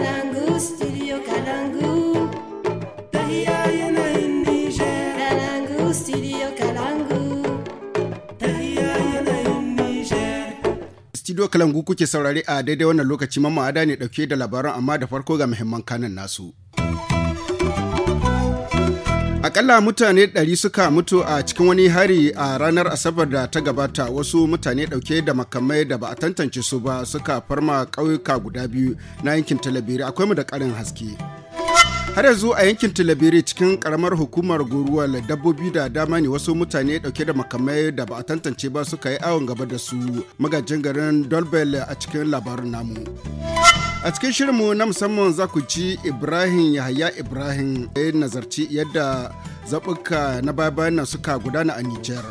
kalangu studio kalangu tahiya yana yin kalangu studio kalangu tahiya yana yin niger studio kalangu kuke saurari a daidai wannan lokaci mamma ada ne dauke da labaran amma da farko ga muhimman kanan nasu Akalla mutane 100 suka mutu a cikin wani hari a ranar Asabar da ta gabata wasu mutane ɗauke da makamai da ba a tantance su ba suka farma ƙauyuka guda biyu na yankin talabiri akwai mu da ƙarin haske. har yanzu a yankin talabiri cikin karamar hukumar goruwal dabbobi da dama ne wasu mutane dauke da makamai da ba a tantance ba suka yi awon gaba da su magajin garin dolbel a cikin labarin namu A cikin shirinmu na musamman za ku ci Ibrahim Yahaya Ibrahim ya nazarci yadda zaɓuka na baya-bayan suka gudana a Nijar.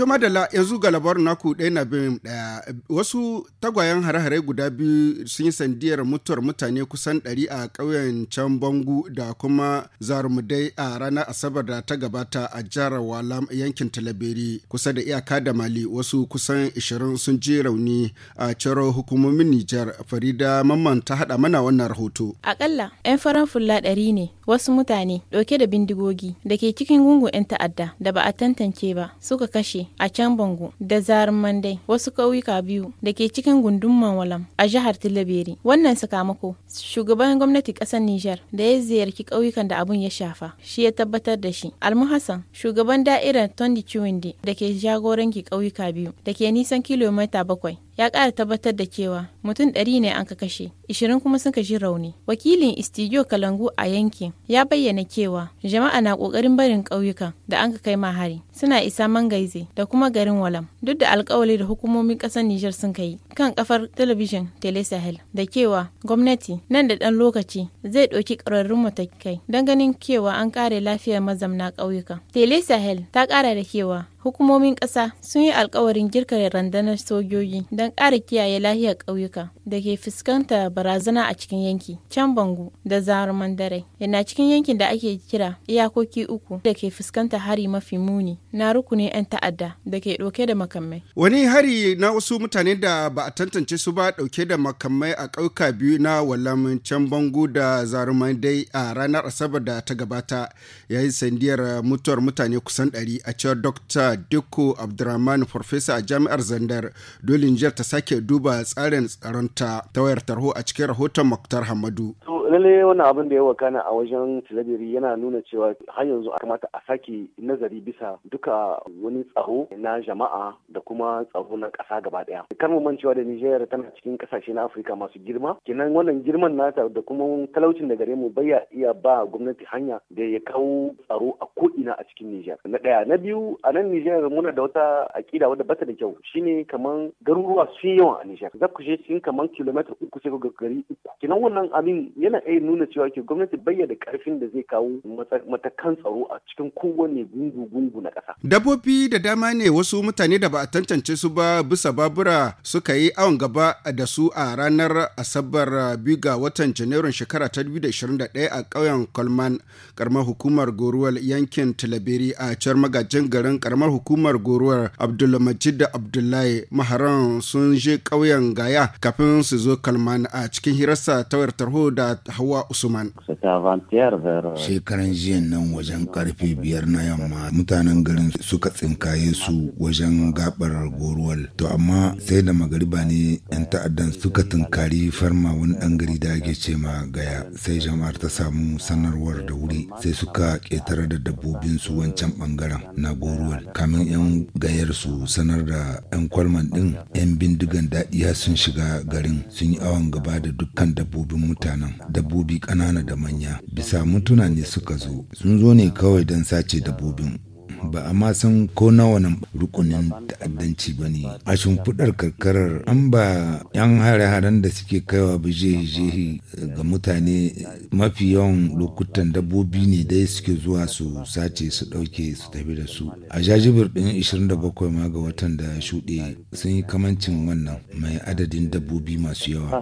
To madalla yanzu ga labarin naku ɗaya na bin ɗaya wasu tagwayen hare-hare guda biyu sun yi sandiyar mutuwar mutane kusan ɗari a ƙauyen can bangu da kuma zarumudai a ranar asabar da ta gabata a jihar walam yankin talabiri kusa da iyaka da mali wasu kusan ishirin sun ji rauni a ciro hukumomin nijar farida mamman ta haɗa mana wannan rahoto. akalla 'yan farar fulla ɗari ne wasu mutane ɗauke da bindigogi da ke cikin gungun 'yan ta'adda da ba a tantance ba suka kashe a can Bango da Zarin mandai wasu ƙauyuka biyu da ke cikin gundumman Walam a jihar Tilaberi. Wannan sakamako shugaban gwamnati ƙasar Nijar da ya ziyarci ƙauyukan da abun ya shafa shi ya tabbatar da shi. Almu shugaban da'irar Tondi Chiwindi da ke jagoranki ƙauyuka biyu da ke nisan kilomita bakwai ya ƙara tabbatar da cewa mutum ɗari ne an ka kashe, ishirin kuma sun kashi rauni. Wakilin Istijo Kalangu a yankin ya bayyana cewa jama'a na ƙoƙarin barin ƙauyuka da an ka kai ma hari suna isa Mangaize da kuma garin Walam duk da alƙawali da hukumomin ƙasar Nijar sun kai kan kafar talabijin telesahel da cewa gwamnati nan da ɗan lokaci zai ɗauki ƙararrun matakai don ganin cewa an kare lafiyar mazamna ƙauyuka. telesahel ta ƙara da cewa Hukumomin ƙasa sun yi alkawarin girka randanar sojoji don ƙara kiyaye lahiyar ƙauyuka da ke fuskanta barazana a cikin yanki can bangu da zaruman dare yana cikin yankin da ake kira iyakoki uku da ke fuskanta hari mafi muni na rukunin 'yan ta'adda da ke ɗauke da makamai. Wani hari na wasu mutane da ba a tantance su ba ɗauke da makamai a ƙauka biyu na walamin can bangu da zaruman dai a ranar asabar da ta gabata yayin sandiyar mutuwar mutane kusan ɗari a cewar dokta. farfesa dikko abdurrahman farfesa a jami'ar zandar dole nijar ta sake duba tsarin tsaronta ta wayar tarho a cikin rahoton muktar hamadu. lalle wannan abin da ya wakana a wajen talabiri yana nuna cewa har yanzu a kamata a sake nazari bisa duka wani tsaro na jama'a da kuma tsaro na ƙasa gaba ɗaya kan mu mancewa da Nijar tana cikin ƙasashe na Afirka masu girma kenan wannan girman nata da kuma talaucin da gare mu baya iya ba gwamnati hanya da ya kawo tsaro a ko'ina a cikin Nijar na ɗaya na biyu a nan Nijar muna da wata aƙida wadda bata da kyau shine kaman garuruwa sun yawa a Nijar za ku je cikin kaman kilomita uku sai ku gari uku kenan wannan abin yana wannan ai nuna cewa ke gwamnati bayyana karfin da zai kawo matakan tsaro a cikin kowane gungu-gungu na ƙasa. Dabbobi da dama ne wasu mutane da ba a tantance su ba bisa babura suka yi awon gaba da su a ranar Asabar biga watan Janairun shekara ta 2021 a ƙauyen Kolman, karamar hukumar goruwar yankin Talabiri a cewar magajin garin karamar hukumar goruwar Abdulmajid da Abdullahi maharan sun je ƙauyen Gaya kafin su zo Kalman a cikin hirarsa ta wayar tarho da Hawa Usman. Euh, Shekaran jiya nan wajen karfe biyar na yamma mutanen garin suka tsinkaye su wajen gabar goruwal. To amma sai da magariba ne 'yan ta'addan suka tunkari farma wani dan gari da ake ce ma gaya sai jama'ar ta samu sanarwar da wuri sai suka ƙetare da dabbobin su wancan bangaren na goruwal. Kamin 'yan gayar su sanar da 'yan kwalman ɗin 'yan bindigan daɗiya sun shiga garin sun yi awon gaba da dukkan dabbobin mutanen. dabbobi ƙanana da manya bisa mutuna ne suka zo sun zo ne kawai don sace dabbobin ba a ma san ko na wani rukunin ta'addanci ba ne a shimfiɗar karkarar an ba 'yan hare-haren da suke kaiwa bijehi ga mutane mafi yawan lokutan dabbobi ne dai suke zuwa su sace su ɗauke su tafi da su a jajibir ɗin 27 ma ga watan da shuɗe sun yi kamancin wannan mai adadin dabbobi masu yawa.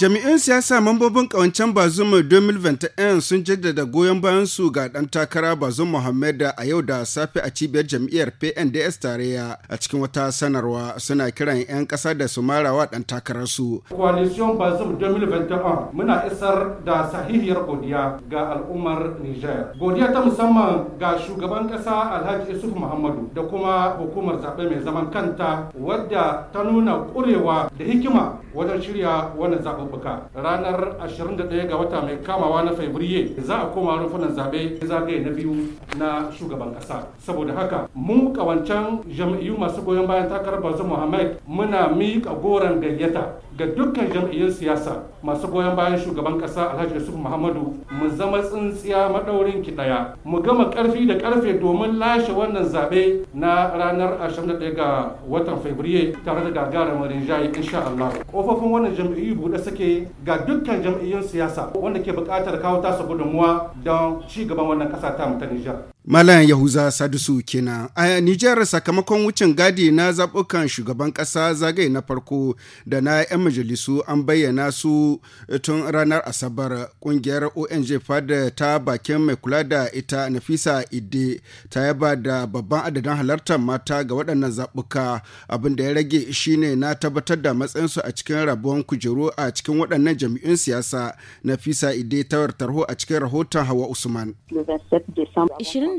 Jami'in siyasa mambobin kawancen Bazum 2021 sun jaddada goyon bayan su ga dan takara Bazum Muhammad a yau da safe a cibiyar jam'iyyar PNDS tarayya a cikin wata sanarwa suna kiran 'yan kasa da su marawa dan takarar su. Coalition Bazum 2021 muna isar da sahihiyar godiya ga al'ummar nijar Godiya ta musamman ga shugaban kasa Alhaji Isuf Muhammadu da kuma hukumar zaɓe mai zaman kanta wadda ta nuna ƙurewa da hikima wajen shirya wannan zaɓe. zaɓuɓɓuka ranar 21 ga wata mai kamawa na fabriye za a koma rumfunan zaɓe zagaye na biyu na shugaban ƙasa saboda haka mu kawancan jam'iyyu masu goyon bayan takarar bazu muhammad muna miƙa goron gayyata ga dukkan jam'iyyar siyasa masu goyon bayan shugaban kasa alhaji yusuf muhammadu mu zama tsintsiya maɗaurin ki ɗaya mu gama ƙarfi da ƙarfe domin lashe wannan zaɓe na ranar 21 ga watan fabriye tare da gagarumin rinjaye insha Allah kofofin wannan jam'iyyu buɗe suke ga dukkan jam'iyyun siyasa wanda ke buƙatar kawo tasa gudunmuwa don ci gaban wannan ƙasa ta mu ta Nijar Malam Yahuza Sadusu kenan. A Nijar sakamakon wucin gadi na zaɓukan shugaban ƙasa zagaye na farko da na 'yan majalisu an bayyana su eh, tun ranar Asabar. Ƙungiyar ONG fada ta bakin mai kula da ita Nafisa Ide ta yaba da babban adadin halartar mata ga waɗannan zaɓuka. Abin da ya rage shine na tabbatar da matsayinsu a cikin rabuwan kujeru a cikin waɗannan jam'iyyun siyasa. Nafisa Ide ta tarho a cikin rahoton Hawa Usman.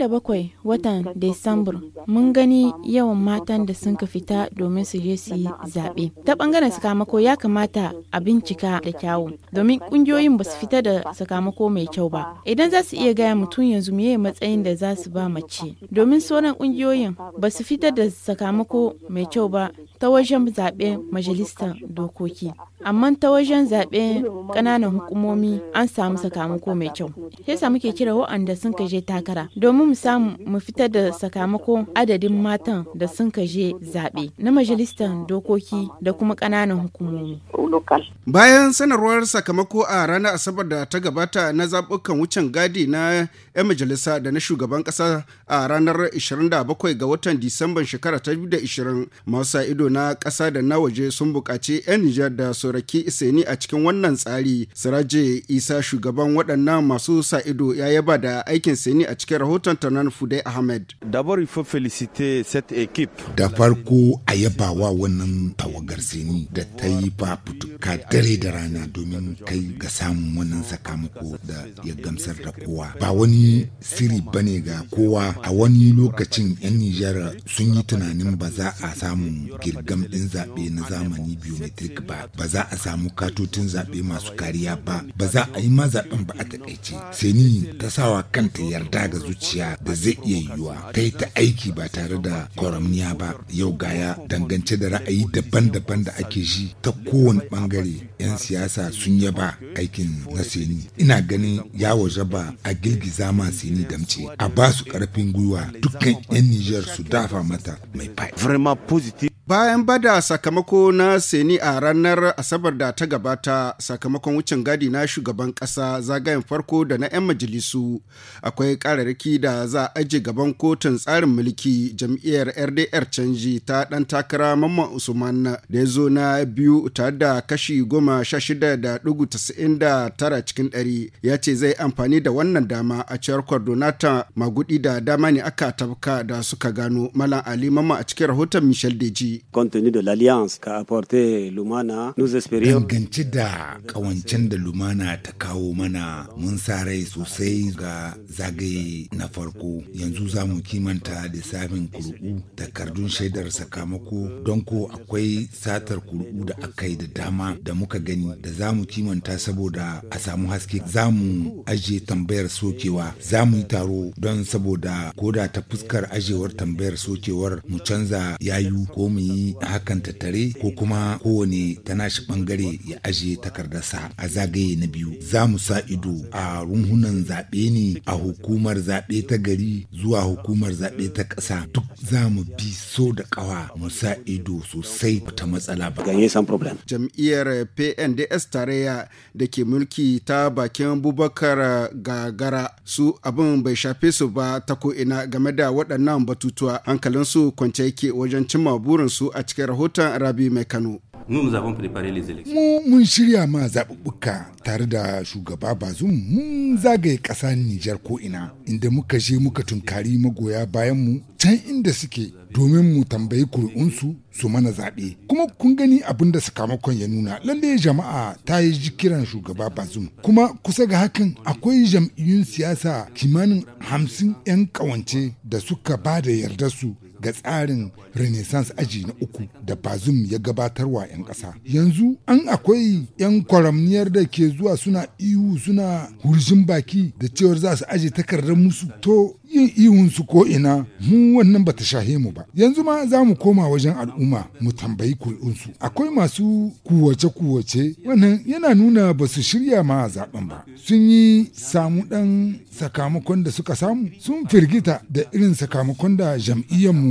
27 watan disambar mun gani yawan matan da sun ka fita domin su je su yi zaɓe. Ta ɓangaren sakamako ya kamata a bincika da kyawu domin ƙungiyoyin ba su fita da sakamako mai kyau ba. Idan za su iya gaya mutum yanzu meye matsayin da za su ba mace domin sauran ƙungiyoyin ba su fita da sakamako mai kyau ba ta wajen zaɓe majalistar dokoki. Amma ta wajen zaɓe ƙananan hukumomi an samu sakamako mai kyau. Sai muke kira waɗanda sun ka je takara domin mu samu mu fitar da sakamakon adadin matan da sun kaje zaɓe na majalistan dokoki da kuma ƙananan hukumomi. Bayan sanarwar sakamako a ranar Asabar da ta gabata na zaɓukan wucin gadi na 'yan majalisa da na shugaban ƙasa a ranar 27 ga watan Disamban shekara ta 2020 masu ido na kasa da na waje sun buƙaci 'yan Nijar da Soraki Iseni a cikin wannan tsari. Siraje Isa shugaban waɗannan masu sa ido ya yaba da aikin Seni a cikin rahoton Santana Fude Ahmed. Da farko a yaba wa wannan tawagar sini da ta yi fafutuka dare da rana domin kai ga samun wannan sakamako da ya gamsar da kowa. Ba wani siri bane ga kowa a wani lokacin 'yan Nijar sun yi tunanin ba za a samu girgam ɗin zaɓe na zamani biometric ba, ba za a samu katotin zaɓe masu kariya ba, ba za a yi ma zaɓen ba a takaice. Sini ta sawa kanta yarda ga zuciya zuciya da zai iya yiwuwa kai ta aiki ba tare da kwaramniya ba yau gaya dangance da ra'ayi daban-daban da ake shi ta kowane bangare 'yan siyasa sun yaba aikin na seni ina ganin ya waje ba a girgiza ma seni damce a ba su karfin gwiwa dukkan 'yan nijar su dafa mata mai fa'i Bayan bada sakamako na Seni a ranar Asabar da ta gabata sakamakon wucin gadi na shugaban kasa zagayen farko da na 'yan majalisu akwai ƙararraki da za a aje gaban kotun tsarin mulki jam'iyyar RDR canji ta 'dan takara Mamman Usman da ya zo na biyu tare da kashi goma sha shida da dugu tasa'in da tara cikin ɗari ya ce zai amfani da wannan dama a cewar Kwardonata magudi da dama ne aka tafka da suka gano Malam Ali Mamman a cikin rahoton Michel Deji. Compte tenu de l'alliance qu'a apporté Lumana, nous espérions. Dangance da kawancen da Lumana ta kawo mana mun sa rai sosai ga zagaye na farko. Yanzu za mu kimanta lissafin kurku takardun shaidar sakamako don ko akwai satar kurku da aka yi da dama da muka gani da za mu kimanta saboda a samu haske za mu ajiye tambayar sokewa za mu yi taro don saboda koda ta fuskar ajewar tambayar sokewar mu canza yayu ko mu mu yi hakan tattare ko kuma kowane ta nashi bangare ya aje takardarsa a zagaye na biyu za mu sa ido a runhunan zaɓe ne a hukumar zaɓe ta gari zuwa hukumar zaɓe ta ƙasa duk za mu bi so da ƙawa mu sa ido sosai ta matsala ba jam'iyyar pnds tarayya da ke mulki ta bakin bubakar gagara su abin bai shafe su ba ta ko'ina game da waɗannan batutuwa hankalinsu kwance yake wajen cimma burin su a cikin rahoton Rabi Mai Kano. Mu mun shirya ma zaɓuɓɓuka tare da shugaba Bazum mun zagaye ƙasa Nijar ko ina inda muka je muka tunkari magoya bayan mu can inda suke domin mu tambayi kuri'unsu su mana zaɓe. Kuma kun gani abin da sakamakon ya nuna lalle jama'a ta yi jikiran shugaba Bazum. Kuma kusa ga hakan akwai jam'iyyun siyasa kimanin hamsin 'yan ƙawance da suka ba da su. ga tsarin renaissance aji na uku da bazum ya gabatarwa 'yan ƙasa yanzu an akwai 'yan kwaramniyar da ke zuwa suna ihu suna hurjin baki da cewar za su aji takardar musu to yin su ko ina mu wannan bata shahe mu ba yanzu ma za mu koma wajen al'umma mu tambayi kuri'unsu akwai masu kuwace kuwace wannan yana nuna ba su shirya ma zaben ba sun yi samu ɗan sakamakon da suka samu sun firgita da irin sakamakon da jam'iyyar mu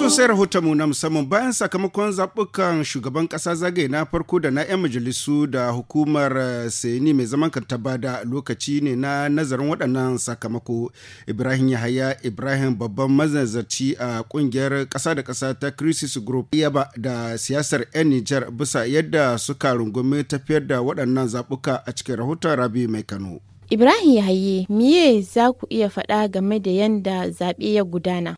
sosai sai mu na musamman bayan sakamakon zaɓukan shugaban ƙasa zagaye na farko da na 'yan majalisu da hukumar eh, Seni mai zaman kanta da lokaci ne na nazarin waɗannan sakamako. Ibrahim Yahaya Ibrahim babban mazazarci a ƙungiyar kasa da kasa ta Crisis Group yaba da siyasar 'yan Nijar bisa yadda suka rungumi tafiyar da waɗannan zaɓuka a cikin rahoton Rabi Mai Kano. Ibrahim haye, miye za ku iya faɗa game da yanda zaɓe ya gudana?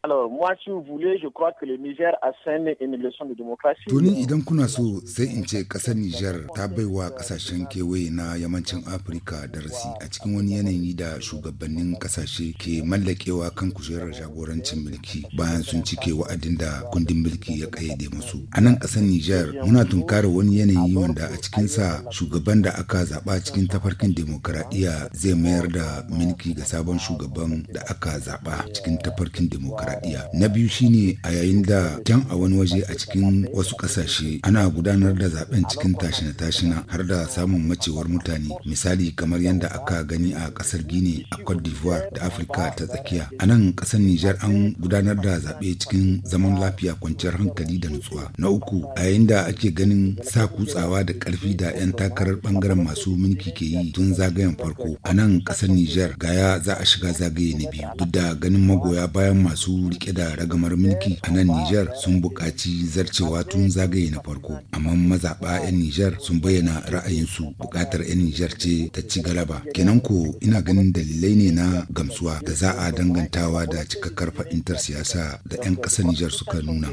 Tuni idan kuna so sai in ce ƙasar Nijar ta baiwa ƙasashen kewaye na yammacin Afirka darasi a cikin wani yanayi da shugabannin ƙasashe ke mallakewa kan kujerar jagorancin mulki bayan sun cike wa'adin da kundin mulki ya ƙayyade musu. A nan ƙasar Nijar muna tunkara wani yanayi wanda a cikinsa shugaban da aka zaɓa cikin tafarkin demokaradiyya zai mayar da minki ga sabon shugaban da aka zaɓa cikin tafarkin demokaradiyya na biyu shine a yayin da can a wani waje a cikin wasu ƙasashe ana gudanar da zaɓen cikin tashina-tashina har da samun macewar mutane misali kamar yadda aka gani a ƙasar gini a cote d'ivoire da afirka ta tsakiya a nan ƙasar nijar an gudanar da zaɓe cikin zaman lafiya kwanciyar hankali da nutsuwa na uku a yayin da ake ganin sa kutsawa da ƙarfi da 'yan takarar ɓangaren masu mulki ke yi tun zagayen farko a a nan ƙasar Nijar gaya za a shiga zagaye na biyu. Duk da ganin magoya bayan masu rike da ragamar mulki a nan Nijar sun buƙaci zarcewa tun zagaye na farko. Amma mazaɓa 'yan Nijar sun bayyana ra'ayinsu buƙatar 'yan Nijar ce ta ci galaba. Kenan ko ina ganin dalilai ne na gamsuwa da za a dangantawa da cikakkar fahimtar siyasa da 'yan ƙasar Nijar suka nuna.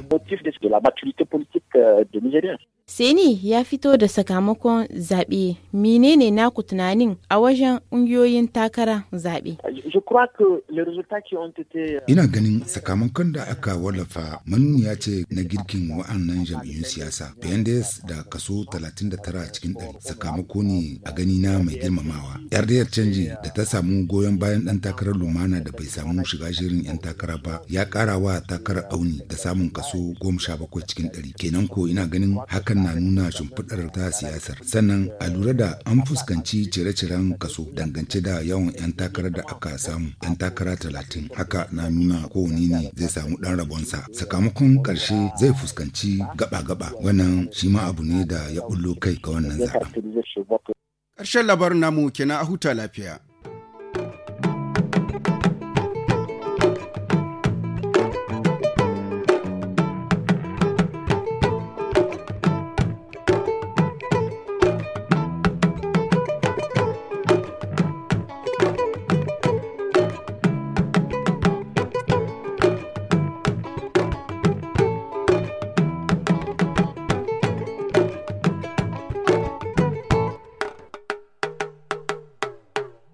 saini ya fito da sakamakon zaɓe. Menene naku tunanin a wajen ƙungiyoyin takara zaɓe? Euh, ina ganin sakamakon da aka wallafa ya ce na girkin wa'annan jam'iyyun siyasa. PNDS da kaso 39 cikin ɗari sakamako ne a gani na mai girmamawa. Yardiyar canji da ta samu goyon bayan ɗan takarar lumana da bai samu shiga shirin 'yan takara ba ya ƙara wa takarar auni da samun kaso 17 cikin ɗari. Kenan ko ina ganin hakan hakan na nuna shimfiɗar ta siyasar sannan a lura da an fuskanci cire-ciren kaso dangance da yawan 'yan takarar da aka samu 'yan takara talatin haka na nuna kowane ne zai samu ɗan rabonsa sakamakon ƙarshe zai fuskanci gaba-gaba wannan shi ma abu ne da ya bullo kai ga wannan zaɓen. Ƙarshen labarin namu kenan a huta lafiya.